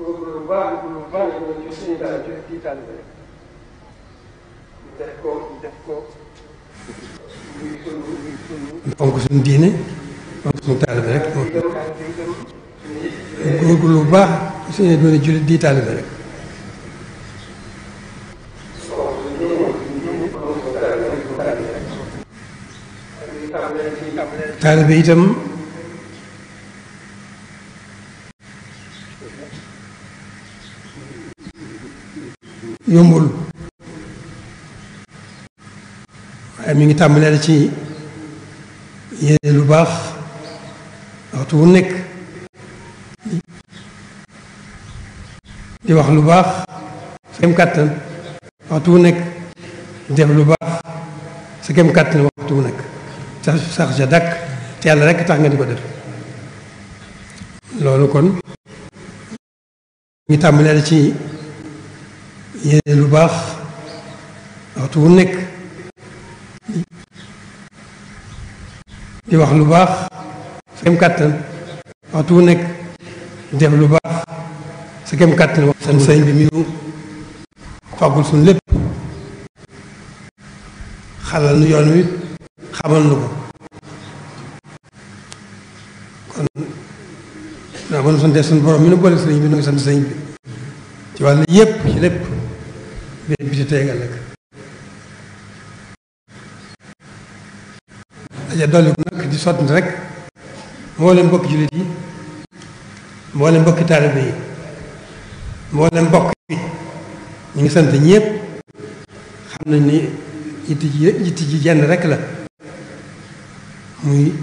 góorgóorlu bu baax góorgóorlu bu baax ñoom jullit di taalibe rek. taalibe itam. yombul waaye mi ngi tàmbalee ci yéene lu baax waxtu wu nekk di wax lu baax sa kem kàttan waxtu wu nekk def lu baax sa kem kàttan waxtu wu nekk sax sax sa dàkk te yàlla rekk tax nga di ko def loolu kon mi ngi tàmbalee ci yéene lu baax waxtu wu nekk di wax lu baax sa kem kàttan waxtu wu nekk def lu baax sa kem kàttan wax san sëñ bi mu fàggul suñ lépp xalal nu yoon wi xamal nu ko kon naa mën sante suñ borom mi nu boole sëñ bi nu ngi sant sëñ bi ci wàllu yépp ci lépp bés bi ci tey nga lekk daja dolli nag di sotti rek mboolem mbokki jullit yi mboolem mbokki taalibe yi mboolem mbokk yi ñu ngi sant ñëpp xam nañ ni yitti ji la ñu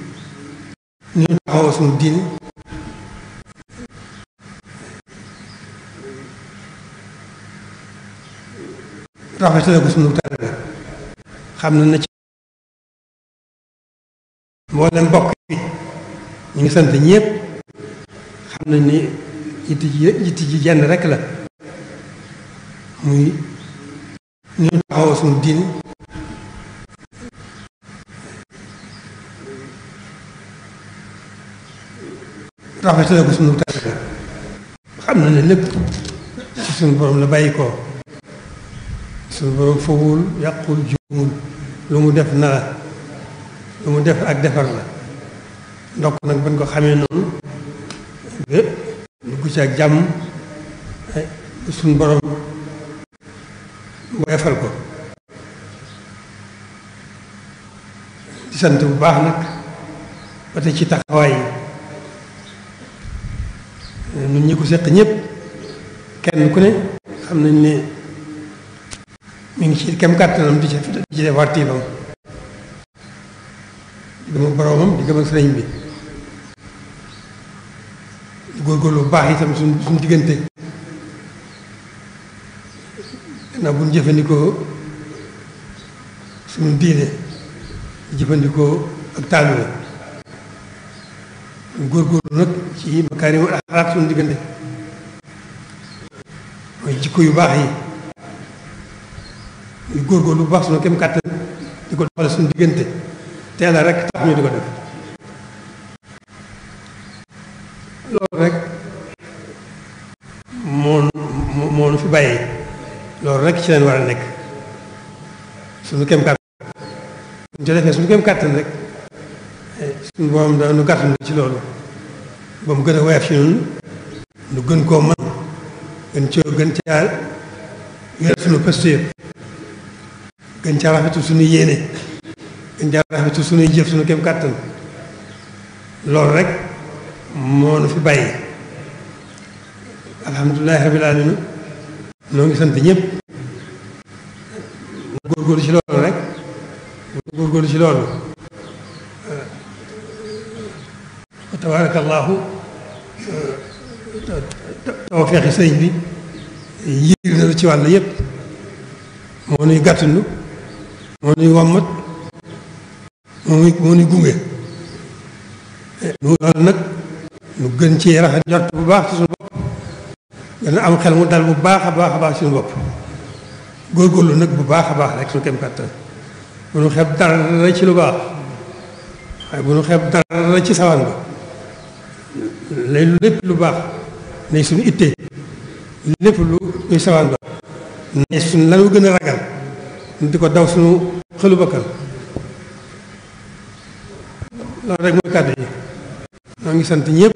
taxawoo suñu diin rafetale ko sunu taalibe xam na na ci mboolem mbokk yi ñu ngi sant ñëpp xam na ni yitte ji yitte jenn rekk la muy ñu taxawoo sunu diin rafetale ko sunu taalibe xam na ne lépp ci sunu borom la bàyyi koo suñu borom fawul yàqul jiwul lu mu def na la lu mu def ak defar la ndokk nag bañ ko xamee noonu ba dugg ci ak jàmm eh, suñu borom woyofal ko di sant bu baax nag ba tey ci taxawaay yi eh, ñun ñi ko seq ñëpp kenn ku ne xam nañ ne mi ngi ci kem kàttanam di ci di ci def wartiibam di gëm boroomam di gëm ak sëriñ bi di góorgóorlu bu baax itam suñ suñ diggante gannaaw bu ñu jëfandikoo suñu diine di jëfandikoo ak taalule ñu góorgóorlu nag ci makaarimul axlaaq suñu diggante mooy jikko yu baax ñu góorgóorlu bu baax suñu kem kàttan di ko doxale suñu diggante te yàlla rek tax ñu ko def loolu rek moo moo nu fi bàyyi loolu rek ci leen war a nekk suñu kem kàttan ñu defee suñu kem kàttan rek eh, suñu borom dana nu gàttandu ci loolu ba mu gën a woyof ci ñun nu gën koo mën gën coo gën caa yore suñu pëstéer gën ca rafetu suñu yéene gën ca rafetu suñuy jëf suñu kem kàttan loolu rek moo nu fi bàyyi alhamdulilahi rabil alamin noo ngi sant ñëpp góorgóorlu ci loolu rek góorgóorlu ci loolu wa tabarakallahu tawfeexi sëñ bi yiir na lu ci wàll yëpp moo nuy gàttandu moo nuy wàmmat moo moo nuy gunge nu loolu nag nu gën ci rafet njort bu baax ci suñu bopp gën a am xel mu dal bu baax a baax a baax ci suñu bopp góorgóorlu nag bu baax a baax rek suñu kem kàttan bu nu xeeb dara ci lu baax waaye bu nu xeeb dara ci sawaan ba lay lépp lu baax nay suñu ittee lépp lu luy sawaan ba nay suñ lanu gën a ragal ñu di ko daw suñu xëlu bakkan loolu rek mooy kàddu yi maa ngi sant ñëpp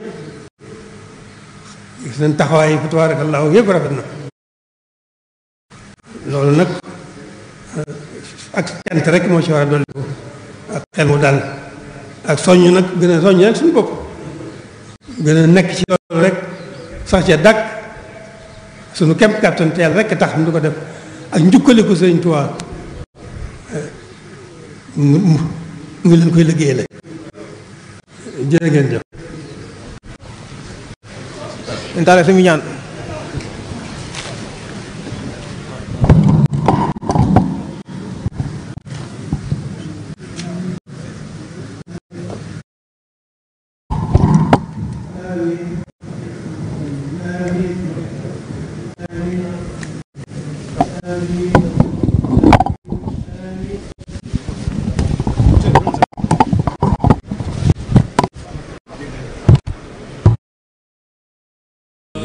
gis nañ taxawaay yi fa tabaarakallaahu yëpp rafet na loolu nag eh, ak cant moo ci war a ko ak xel mu dal ak soññ nag gën a soññ rek suñu bopp gën a nekk ci loolu rek sax ca dàkk suñu kem kàttan rek tax ñu di ko def ak njukkaliku Sëriñ Tuubaa mu ngi leen koy liggéey la jërë ngeen jëf intaale suñu ñaan Amin. Amin.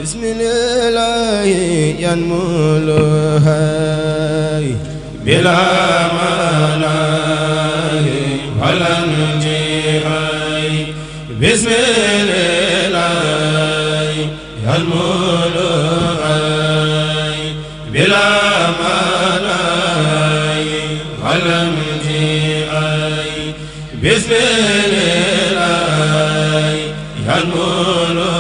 بسم الله ينملها بلا ملاه ولا نجيه بسم الله ينملها بلا ملاه ولا نجيه بسم الله ينملها